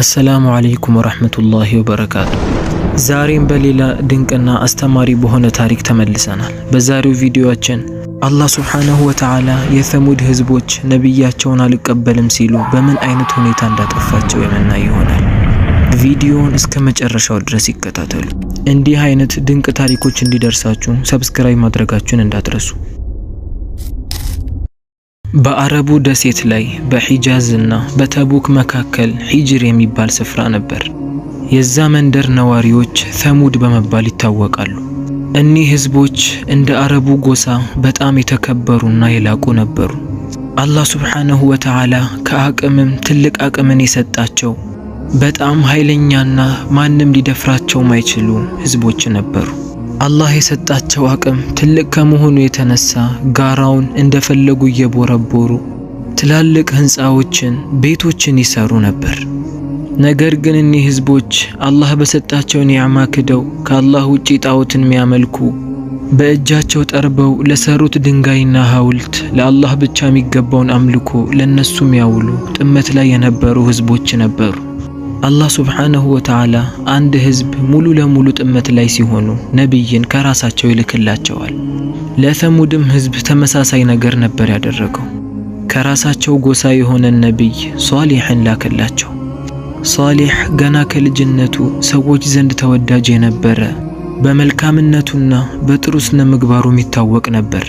አሰላሙ አለይኩም ወራህመቱላሂ ወበረካቱ። ዛሬም በሌላ ድንቅና አስተማሪ በሆነ ታሪክ ተመልሰናል። በዛሬው ቪዲዮአችን አላህ ሱብሓነሁ ወተዓላ የሰሙድ ህዝቦች ነቢያቸውን አልቀበልም ሲሉ በምን አይነት ሁኔታ እንዳጠፋቸው የምናይ ይሆናል። ቪዲዮውን እስከ መጨረሻው ድረስ ይከታተሉ። እንዲህ አይነት ድንቅ ታሪኮች እንዲደርሳችሁ ሰብስክራይብ ማድረጋችሁን እንዳትረሱ። በአረቡ ደሴት ላይ በሒጃዝና እና በተቡክ መካከል ሒጅር የሚባል ስፍራ ነበር። የዛ መንደር ነዋሪዎች ተሙድ በመባል ይታወቃሉ። እኒህ ህዝቦች እንደ አረቡ ጎሳ በጣም የተከበሩና የላቁ ነበሩ። አላህ ሱብሓነሁ ወተዓላ ከአቅምም ትልቅ አቅምን የሰጣቸው በጣም ኃይለኛና ማንም ሊደፍራቸው ማይችሉ ህዝቦች ነበሩ። አላህ የሰጣቸው አቅም ትልቅ ከመሆኑ የተነሳ ጋራውን እንደፈለጉ እየቦረቦሩ ትላልቅ ህንፃዎችን፣ ቤቶችን ይሰሩ ነበር። ነገር ግን እኒህ ህዝቦች አላህ በሰጣቸው ኒዕማ ክደው ከአላህ ውጪ ጣዖትን የሚያመልኩ በእጃቸው ጠርበው ለሰሩት ድንጋይና ሐውልት ለአላህ ብቻ የሚገባውን አምልኮ ለነሱ የሚያውሉ ጥመት ላይ የነበሩ ህዝቦች ነበሩ። አላህ ሱብሓነሁ ወተዓላ አንድ ህዝብ ሙሉ ለሙሉ ጥመት ላይ ሲሆኑ ነቢይን ከራሳቸው ይልክላቸዋል። ለተሙድም ህዝብ ተመሳሳይ ነገር ነበር ያደረገው። ከራሳቸው ጎሳ የሆነን ነቢይ ሷሊሕን ላከላቸው። ሷሊሕ ገና ከልጅነቱ ሰዎች ዘንድ ተወዳጅ የነበረ በመልካምነቱና በጥሩ ስነ ምግባሩ የሚታወቅ ነበር።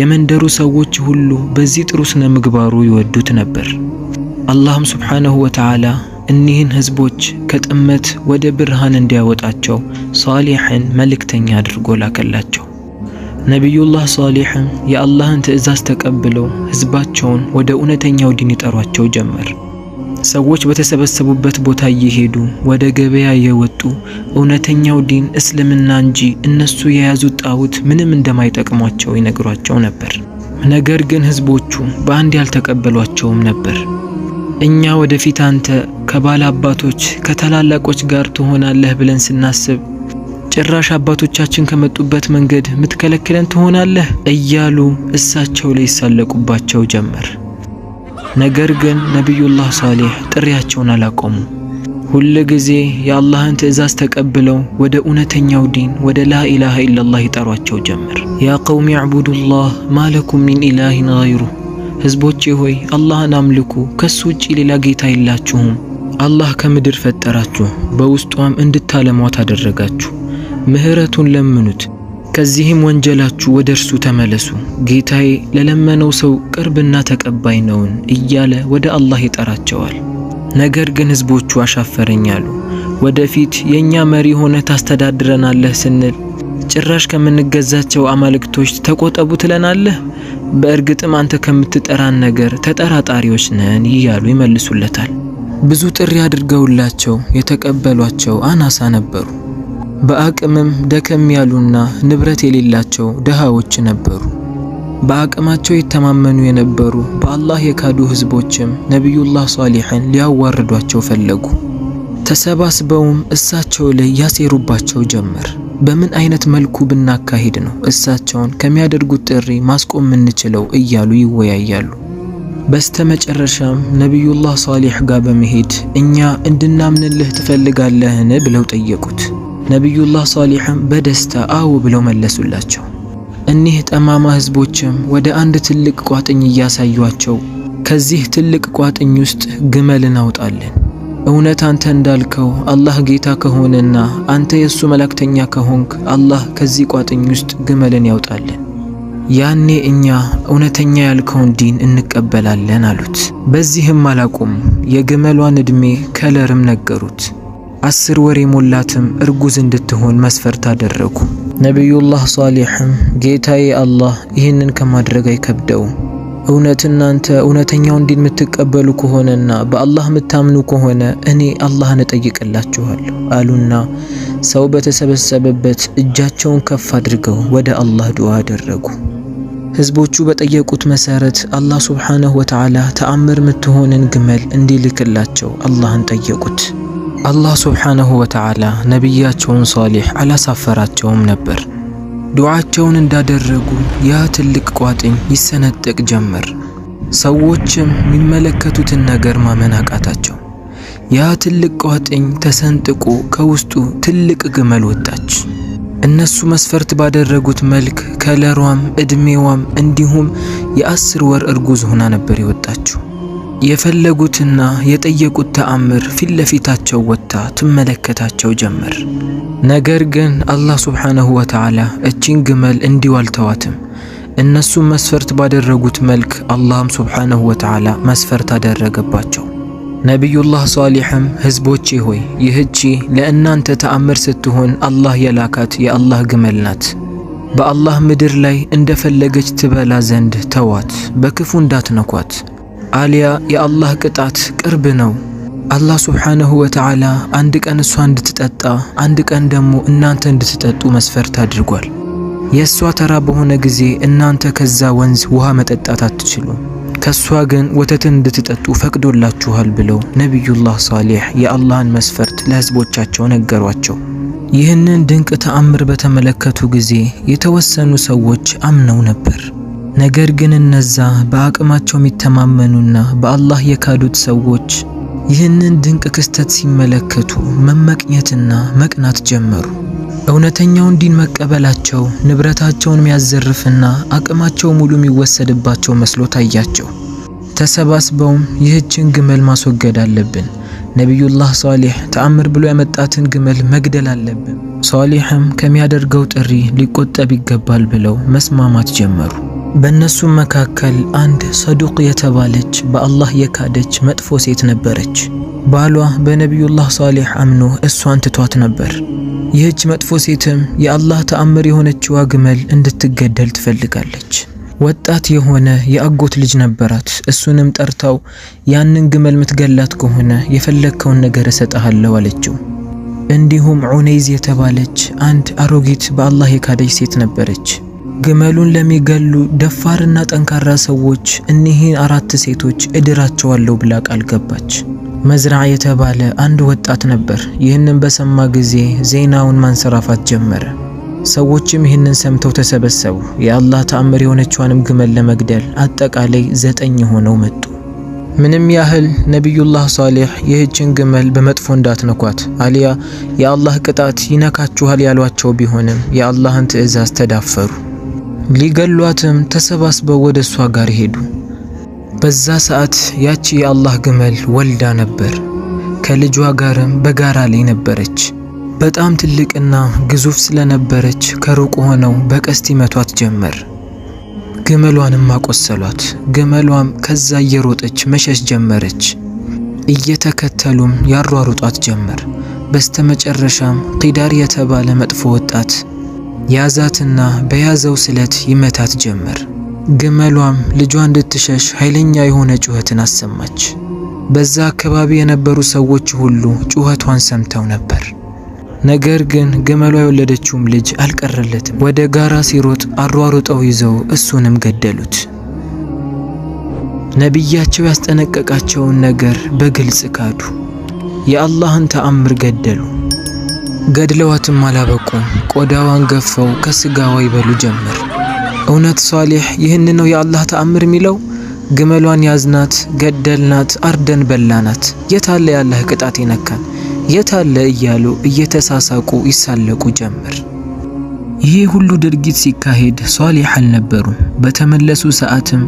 የመንደሩ ሰዎች ሁሉ በዚህ ጥሩ ስነ ምግባሩ ይወዱት ነበር። አላህም ሱብሓነሁ ወተዓላ እኒህን ህዝቦች ከጥመት ወደ ብርሃን እንዲያወጣቸው ሷሊሕን መልእክተኛ አድርጎ ላከላቸው። ነቢዩላህ ሷሊሕም የአላህን ትእዛዝ ተቀብለው ህዝባቸውን ወደ እውነተኛው ዲን ይጠሯቸው ጀመር። ሰዎች በተሰበሰቡበት ቦታ እየሄዱ ወደ ገበያ እየወጡ እውነተኛው ዲን እስልምና እንጂ እነሱ የያዙት ጣዖት ምንም እንደማይጠቅሟቸው ይነግሯቸው ነበር። ነገር ግን ህዝቦቹ በአንድ ያልተቀበሏቸውም ነበር። እኛ ወደፊት አንተ ከባለ አባቶች ከታላላቆች ጋር ትሆናለህ ብለን ስናስብ ጭራሽ አባቶቻችን ከመጡበት መንገድ ምትከለክለን ትሆናለህ እያሉ እሳቸው ላይ ይሳለቁባቸው ጀመር። ነገር ግን ነቢዩላህ ሷሊህ ጥሪያቸውን አላቆሙ። ሁል ጊዜ የአላህን ትእዛዝ ተቀብለው ወደ እውነተኛው ዲን ወደ ላኢላሃ ኢላላህ ይጠሯቸው ጀመር። ያ ቀውም ያዕቡዱላህ ማለኩም ሚን ኢላሂን ገይሩህ ሕዝቦቼ ሆይ አላህን አምልኩ፣ ከሱ ውጪ ሌላ ጌታ የላችሁም። አላህ ከምድር ፈጠራችሁ፣ በውስጧም እንድታለሟት አደረጋችሁ። ምሕረቱን ለምኑት፣ ከዚህም ወንጀላችሁ ወደ እርሱ ተመለሱ። ጌታዬ ለለመነው ሰው ቅርብና ተቀባይ ነውን እያለ ወደ አላህ ይጠራቸዋል። ነገር ግን ሕዝቦቹ አሻፈረኝ አሉ። ወደፊት የእኛ መሪ ሆነ ታስተዳድረናለህ ስንል ጭራሽ ከምንገዛቸው አማልክቶች ተቆጠቡ ትለናለህ በእርግጥም አንተ ከምትጠራን ነገር ተጠራጣሪዎች ነን እያሉ ይመልሱለታል። ብዙ ጥሪ አድርገውላቸው የተቀበሏቸው አናሳ ነበሩ። በአቅምም ደከም ያሉና ንብረት የሌላቸው ድሃዎች ነበሩ። በአቅማቸው የተማመኑ የነበሩ በአላህ የካዱ ህዝቦችም ነቢዩላህ ሷሊሕን ሊያዋርዷቸው ፈለጉ። ተሰባስበውም እሳቸው ላይ ያሴሩባቸው ጀመር። በምን አይነት መልኩ ብናካሄድ ነው እሳቸውን ከሚያደርጉት ጥሪ ማስቆም የምንችለው እያሉ ይወያያሉ። በስተመጨረሻም ነቢዩላህ ሷሊህ ጋር በመሄድ እኛ እንድናምንልህ ትፈልጋለህን ብለው ጠየቁት። ነቢዩላህ ሷሊህም በደስታ አዎ ብለው መለሱላቸው። እኒህ ጠማማ ህዝቦችም ወደ አንድ ትልቅ ቋጥኝ እያሳዩአቸው ከዚህ ትልቅ ቋጥኝ ውስጥ ግመልን አውጣለን እውነት አንተ እንዳልከው አላህ ጌታ ከሆነና አንተ የእሱ መላእክተኛ ከሆንክ አላህ ከዚህ ቋጥኝ ውስጥ ግመልን ያውጣልን። ያኔ እኛ እውነተኛ ያልከውን ዲን እንቀበላለን አሉት። በዚህም አላቁም። የግመሏን ዕድሜ ከለርም ነገሩት። አስር ወር የሞላትም እርጉዝ እንድትሆን መስፈርት አደረጉ። ነቢዩላህ ሷሊሕም ጌታዬ አላህ ይህንን ከማድረግ አይከብደውም እውነት እናንተ እውነተኛው እንዲን የምትቀበሉ ከሆነና በአላህ የምታምኑ ከሆነ እኔ አላህን እጠይቅላችኋለሁ አሉና ሰው በተሰበሰበበት እጃቸውን ከፍ አድርገው ወደ አላህ ዱዓ አደረጉ። ህዝቦቹ በጠየቁት መሰረት አላህ ሱብሓነሁ ወተዓላ ተአምር የምትሆንን ግመል እንዲልክላቸው አላህን ጠየቁት። አላህ ሱብሓነሁ ወተዓላ ነቢያቸውን ሷሊሕ አላሳፈራቸውም ነበር። ዱዓቸውን እንዳደረጉ ያ ትልቅ ቋጥኝ ይሰነጠቅ ጀመር። ሰዎችም የሚመለከቱትን ነገር ማመን አቃታቸው። ያ ትልቅ ቋጥኝ ተሰንጥቆ ከውስጡ ትልቅ ግመል ወጣች። እነሱ መስፈርት ባደረጉት መልክ ከለሯም፣ እድሜዋም እንዲሁም የአስር ወር እርጉዝ ሆና ነበር የወጣችው። የፈለጉትና የጠየቁት ተአምር ፊት ለፊታቸው ወጥታ ትመለከታቸው ጀመር። ነገር ግን አላህ ሱብሓነሁ ወተዓላ እቺን ግመል እንዲሁ አልተዋትም። እነሱም መስፈርት ባደረጉት መልክ አላህም ሱብሓነሁ ወተዓላ መስፈርት አደረገባቸው። ነቢዩላህ ሷሊሕም ሕዝቦቼ ሆይ ይህቺ ለእናንተ ተአምር ስትሆን አላህ የላካት የአላህ ግመል ናት። በአላህ ምድር ላይ እንደፈለገች ትበላ ዘንድ ተዋት፣ በክፉ እንዳትነኳት። አሊያ የአላህ ቅጣት ቅርብ ነው። አላህ ሱብሓነሁ ወተዓላ አንድ ቀን እሷ እንድትጠጣ አንድ ቀን ደግሞ እናንተ እንድትጠጡ መስፈርት አድርጓል። የእሷ ተራ በሆነ ጊዜ እናንተ ከዛ ወንዝ ውሃ መጠጣት አትችሉም፣ ከእሷ ግን ወተትን እንድትጠጡ ፈቅዶላችኋል ብለው ነቢዩላህ ሷሊሕ የአላህን መስፈርት ለሕዝቦቻቸው ነገሯቸው። ይህንን ድንቅ ተአምር በተመለከቱ ጊዜ የተወሰኑ ሰዎች አምነው ነበር። ነገር ግን እነዛ በአቅማቸው የሚተማመኑና በአላህ የካዱት ሰዎች ይህንን ድንቅ ክስተት ሲመለከቱ መመቅኘትና መቅናት ጀመሩ። እውነተኛውን ዲን መቀበላቸው ንብረታቸውን የሚያዘርፍና አቅማቸው ሙሉ የሚወሰድባቸው መስሎ ታያቸው። ተሰባስበውም ይህችን ግመል ማስወገድ አለብን፣ ነቢዩላህ ሷሊሕ ተአምር ብሎ ያመጣትን ግመል መግደል አለብን፣ ሷሊሕም ከሚያደርገው ጥሪ ሊቆጠብ ይገባል ብለው መስማማት ጀመሩ። በእነሱም መካከል አንድ ሰዱቅ የተባለች በአላህ የካደች መጥፎ ሴት ነበረች። ባሏ በነቢዩላህ ሳሊህ አምኖ እሷን ትቷት ነበር። ይህች መጥፎ ሴትም የአላህ ተአምር የሆነችዋ ግመል እንድትገደል ትፈልጋለች። ወጣት የሆነ የአጎት ልጅ ነበራት። እሱንም ጠርታው ያንን ግመል ምትገላት ከሆነ የፈለግከውን ነገር እሰጠሃለሁ አለችው። እንዲሁም ዑነይዝ የተባለች አንድ አሮጊት በአላህ የካደች ሴት ነበረች። ግመሉን ለሚገሉ ደፋርና ጠንካራ ሰዎች እኒህን አራት ሴቶች እድራቸዋለሁ ብላ ቃል ገባች። መዝራ የተባለ አንድ ወጣት ነበር። ይህንን በሰማ ጊዜ ዜናውን ማንሰራፋት ጀመረ። ሰዎችም ይህንን ሰምተው ተሰበሰቡ። የአላህ ተአምር የሆነችዋንም ግመል ለመግደል አጠቃላይ ዘጠኝ ሆነው መጡ። ምንም ያህል ነቢዩላህ ሷሊህ ይህችን ግመል በመጥፎ እንዳትነኳት አሊያ የአላህ ቅጣት ይነካችኋል ያሏቸው ቢሆንም የአላህን ትዕዛዝ ተዳፈሩ። ሊገሏትም ተሰባስበው ወደ እሷ ጋር ሄዱ። በዛ ሰዓት ያቺ የአላህ ግመል ወልዳ ነበር። ከልጇ ጋርም በጋራ ላይ ነበረች። በጣም ትልቅና ግዙፍ ስለነበረች ከሩቅ ሆነው በቀስት ይመቷት ጀመር። ግመሏንም አቆሰሏት። ግመሏም ከዛ እየሮጠች መሸሽ ጀመረች። እየተከተሉም ያሯሩጧት ጀመር። በስተመጨረሻም ቂዳር የተባለ መጥፎ ወጣት ያዛትና በያዘው ስለት ይመታት ጀመር። ግመሏም ልጇ እንድትሸሽ ኃይለኛ የሆነ ጩኸትን አሰማች። በዛ አካባቢ የነበሩ ሰዎች ሁሉ ጩኸቷን ሰምተው ነበር። ነገር ግን ግመሏ የወለደችውም ልጅ አልቀረለትም። ወደ ጋራ ሲሮጥ አሯሩጠው ይዘው እሱንም ገደሉት። ነቢያቸው ያስጠነቀቃቸውን ነገር በግልጽ ካዱ። የአላህን ተአምር ገደሉ። ገድለዋትም አላበቁም። ቆዳዋን ገፈው ከስጋዋ ይበሉ ጀመር። እውነት ሷሊህ ይህን ነው የአላህ ተአምር የሚለው? ግመሏን ያዝናት፣ ገደልናት፣ አርደን በላናት። የታለ ያለህ ቅጣት ይነካን የታለ እያሉ እየተሳሳቁ ይሳለቁ ጀመር። ይህ ሁሉ ድርጊት ሲካሄድ ሷሌሕ አልነበሩም። በተመለሱ ሰዓትም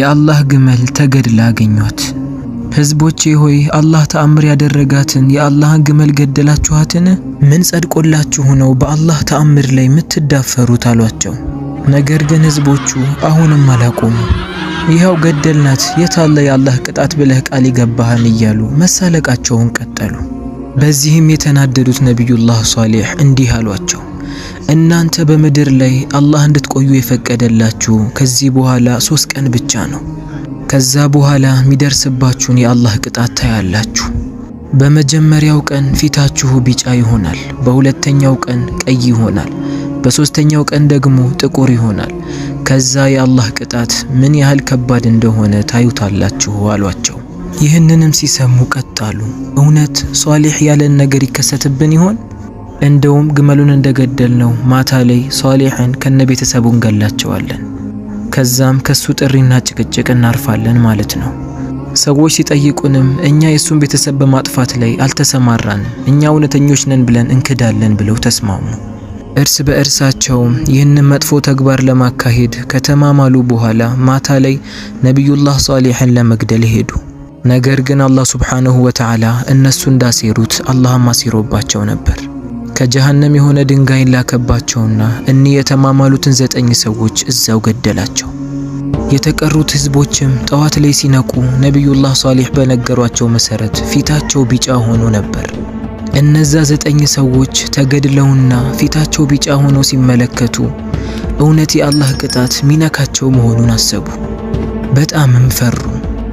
የአላህ ግመል ተገድላ አገኟት። ህዝቦቼ ሆይ አላህ ተአምር ያደረጋትን የአላህን ግመል ገደላችኋትን? ምን ጸድቆላችሁ ነው በአላህ ተአምር ላይ የምትዳፈሩት አሏቸው። ነገር ግን ህዝቦቹ አሁንም አላቆሙ። ይኸው ገደልናት፣ የታለ የአላህ ቅጣት ብለህ ቃል ይገባህን እያሉ መሳለቃቸውን ቀጠሉ። በዚህም የተናደዱት ነቢዩላህ ሷሌሕ እንዲህ አሏቸው፣ እናንተ በምድር ላይ አላህ እንድትቆዩ የፈቀደላችሁ ከዚህ በኋላ ሶስት ቀን ብቻ ነው። ከዛ በኋላ የሚደርስባችሁን የአላህ ቅጣት ታያላችሁ። በመጀመሪያው ቀን ፊታችሁ ቢጫ ይሆናል። በሁለተኛው ቀን ቀይ ይሆናል። በሶስተኛው ቀን ደግሞ ጥቁር ይሆናል። ከዛ የአላህ ቅጣት ምን ያህል ከባድ እንደሆነ ታዩታላችሁ አሏቸው። ይህንንም ሲሰሙ ቀጣሉ። እውነት ሷሊህ ያለን ነገር ይከሰትብን ይሆን? እንደውም ግመሉን እንደገደልነው ማታ ላይ ሷሊህን ከነ ቤተሰቡ እንገላቸዋለን። ከዛም ከሱ ጥሪና ጭቅጭቅ እናርፋለን ማለት ነው። ሰዎች ሲጠይቁንም እኛ የሱን ቤተሰብ በማጥፋት ላይ አልተሰማራንም፣ እኛ እውነተኞች ነን ብለን እንክዳለን ብለው ተስማሙ። እርስ በእርሳቸውም ይህንን መጥፎ ተግባር ለማካሄድ ከተማማሉ በኋላ ማታ ላይ ነቢዩላህ ሷሊሕን ለመግደል ሄዱ። ነገር ግን አላህ ሱብሓነሁ ወተዓላ እነሱ እንዳሴሩት አላህም አሴሮባቸው ነበር። ከጀሃነም የሆነ ድንጋይን ላከባቸውና እኒህ የተማማሉትን ዘጠኝ ሰዎች እዛው ገደላቸው። የተቀሩት ህዝቦችም ጠዋት ላይ ሲነቁ ነቢዩላህ ሷሊህ በነገሯቸው መሰረት ፊታቸው ቢጫ ሆኖ ነበር። እነዛ ዘጠኝ ሰዎች ተገድለውና ፊታቸው ቢጫ ሆኖ ሲመለከቱ እውነት የአላህ ቅጣት ሚነካቸው መሆኑን አሰቡ። በጣምም ፈሩ።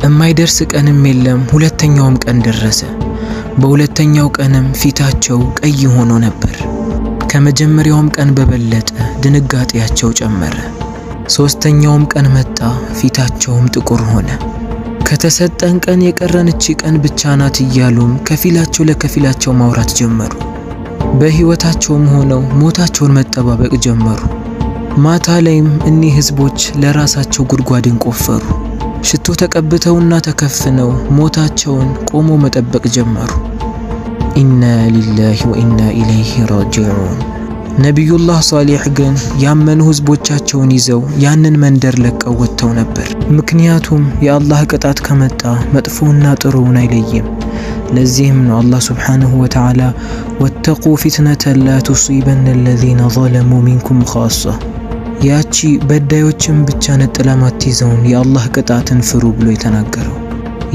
የማይደርስ ቀንም የለም። ሁለተኛውም ቀን ደረሰ። በሁለተኛው ቀንም ፊታቸው ቀይ ሆኖ ነበር። ከመጀመሪያውም ቀን በበለጠ ድንጋጤያቸው ጨመረ። ሦስተኛውም ቀን መጣ፣ ፊታቸውም ጥቁር ሆነ። ከተሰጠን ቀን የቀረንች ቀን ብቻ ናት እያሉም ከፊላቸው ለከፊላቸው ማውራት ጀመሩ። በሕይወታቸውም ሆነው ሞታቸውን መጠባበቅ ጀመሩ። ማታ ላይም እኒህ ሕዝቦች ለራሳቸው ጉድጓድን ቆፈሩ። ሽቶ ተቀብተውና ተከፍነው ሞታቸውን ቆሞ መጠበቅ ጀመሩ። ኢና ሊላሂ ወኢና ኢለይሂ ራጂዑን። ነቢዩላህ ሷሊሕ ግን ያመኑ ህዝቦቻቸውን ይዘው ያንን መንደር ለቀው ወጥተው ነበር። ምክንያቱም የአላህ ቅጣት ከመጣ መጥፎና ጥሩውን አይለይም። ለዚህም ነው አላህ ሱብሓነሁ ወተዓላ ወተቁ ፊትነተን ላ ቱሲበን አለዚነ ظለሙ ሚንኩም ኻሳ ያቺ በዳዮችን ብቻ ነጥላ ማትይዘውን የአላህ ቅጣትን ፍሩ ብሎ የተናገረው።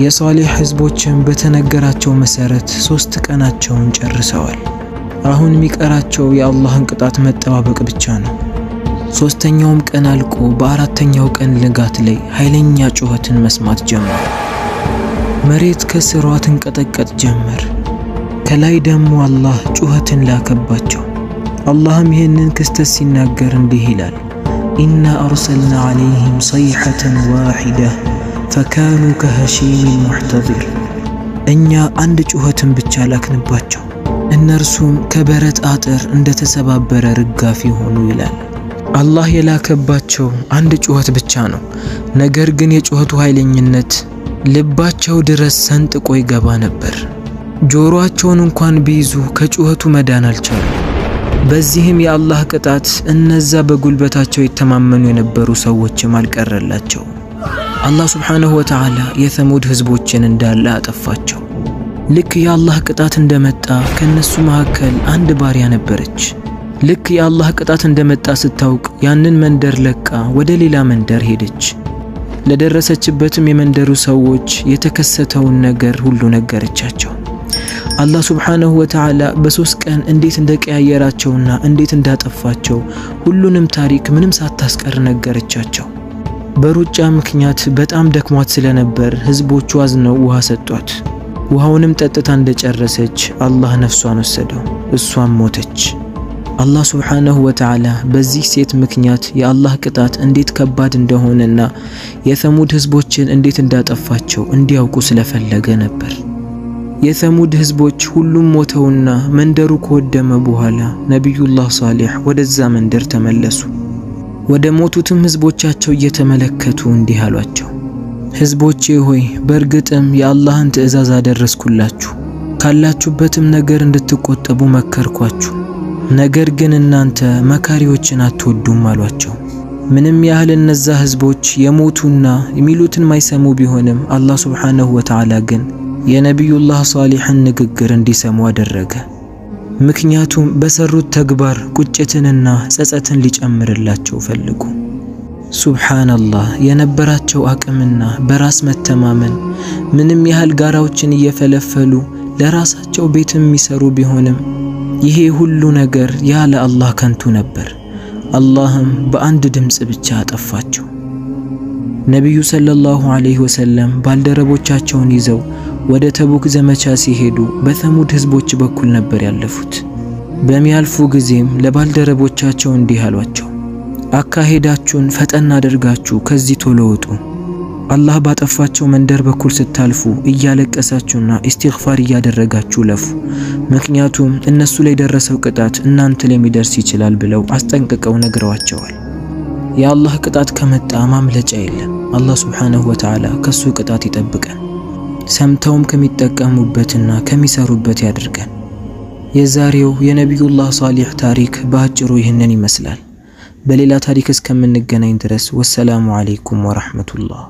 የሷሊህ ህዝቦችን በተነገራቸው መሰረት ሶስት ቀናቸውን ጨርሰዋል። አሁን የሚቀራቸው የአላህን ቅጣት መጠባበቅ ብቻ ነው። ሶስተኛውም ቀን አልቆ በአራተኛው ቀን ንጋት ላይ ኃይለኛ ጩኸትን መስማት ጀመር። መሬት ከስሯ ትንቀጠቀጥ ጀመር። ከላይ ደግሞ አላህ ጩኸትን ላከባቸው። አላህም ይህንን ክስተት ሲናገር እንዲህ ይላል إنا أرسلنا عليهم صيحة واحدة ፈካኑ ከሐሺም ሙሕተዚር እኛ አንድ ጩኸትን ብቻ ላክንባቸው እነርሱም ከበረት አጥር እንደተሰባበረ ርጋፊ ሆኑ ይላል። አላህ የላከባቸው አንድ ጩኸት ብቻ ነው። ነገር ግን የጩኸቱ ኃይለኝነት ልባቸው ድረስ ሰንጥቆ ይገባ ነበር። ጆሮአቸውን እንኳን ቢይዙ ከጩኸቱ መዳን አልቻሉ። በዚህም የአላህ ቅጣት እነዛ በጉልበታቸው የተማመኑ የነበሩ ሰዎችም አልቀረላቸው። አላህ ሱብሓነሁ ወተዓላ የሰሙድ ህዝቦችን እንዳለ አጠፋቸው። ልክ የአላህ ቅጣት እንደመጣ ከነሱ መካከል አንድ ባሪያ ነበረች። ልክ የአላህ ቅጣት እንደመጣ ስታውቅ ያንን መንደር ለቃ ወደ ሌላ መንደር ሄደች። ለደረሰችበትም የመንደሩ ሰዎች የተከሰተውን ነገር ሁሉ ነገረቻቸው። አላህ ሱብሓነሁ ወተዓላ በሶስት ቀን እንዴት እንደቀያየራቸውና እንዴት እንዳጠፋቸው ሁሉንም ታሪክ ምንም ሳታስቀር ነገረቻቸው። በሩጫ ምክንያት በጣም ደክሟት ስለነበር ህዝቦቹ አዝነው ውሃ ሰጧት። ውሃውንም ጠጥታ እንደጨረሰች አላህ ነፍሷን ወሰደው፣ እሷም ሞተች። አላህ ሱብሓነሁ ወተዓላ በዚህ ሴት ምክንያት የአላህ ቅጣት እንዴት ከባድ እንደሆነና የሰሙድ ህዝቦችን እንዴት እንዳጠፋቸው እንዲያውቁ ስለፈለገ ነበር። የሰሙድ ህዝቦች ሁሉም ሞተውና መንደሩ ከወደመ በኋላ ነቢዩላህ ሳሊህ ወደዛ መንደር ተመለሱ። ወደ ሞቱትም ህዝቦቻቸው እየተመለከቱ እንዲህ አሏቸው፣ ህዝቦቼ ሆይ በእርግጥም የአላህን ትእዛዝ አደረስኩላችሁ፣ ካላችሁበትም ነገር እንድትቆጠቡ መከርኳችሁ። ነገር ግን እናንተ መካሪዎችን አትወዱም አሏቸው። ምንም ያህል እነዛ ህዝቦች የሞቱና የሚሉትን ማይሰሙ ቢሆንም አላህ ሱብሓነሁ ወተዓላ ግን የነቢዩላህ ሷሊሕን ንግግር እንዲሰሙ አደረገ። ምክንያቱም በሰሩት ተግባር ቁጭትንና ጸጸትን ሊጨምርላቸው ፈልጉ። ሱብሓነላህ የነበራቸው አቅምና በራስ መተማመን ምንም ያህል ጋራዎችን እየፈለፈሉ ለራሳቸው ቤት የሚሰሩ ቢሆንም ይሄ ሁሉ ነገር ያለ አላህ ከንቱ ነበር። አላህም በአንድ ድምፅ ብቻ አጠፋቸው። ነቢዩ ሰለላሁ ዐለይሂ ወሰለም ባልደረቦቻቸውን ይዘው ወደ ተቡክ ዘመቻ ሲሄዱ በተሙድ ህዝቦች በኩል ነበር ያለፉት። በሚያልፉ ጊዜም ለባልደረቦቻቸው እንዲህ አሏቸው፣ አካሄዳችሁን ፈጠን አድርጋችሁ ከዚህ ቶሎ ወጡ። አላህ ባጠፋቸው መንደር በኩል ስታልፉ እያለቀሳችሁና ኢስቲግፋር እያደረጋችሁ ለፉ፣ ምክንያቱም እነሱ ላይ የደረሰው ቅጣት እናንተ ላይ የሚደርስ ይችላል ብለው አስጠንቅቀው ነግረዋቸዋል። የአላህ ቅጣት ከመጣ ማምለጫ የለም። አላህ ሱብሓነሁ ወተዓላ ከሱ ቅጣት ይጠብቀን። ሰምተውም ከሚጠቀሙበትና ከሚሰሩበት ያድርገን። የዛሬው የነቢዩላህ ሷሊሕ ታሪክ በአጭሩ ይህንን ይመስላል። በሌላ ታሪክ እስከምንገናኝ ድረስ ወሰላሙ አለይኩም ወረሕመቱላህ።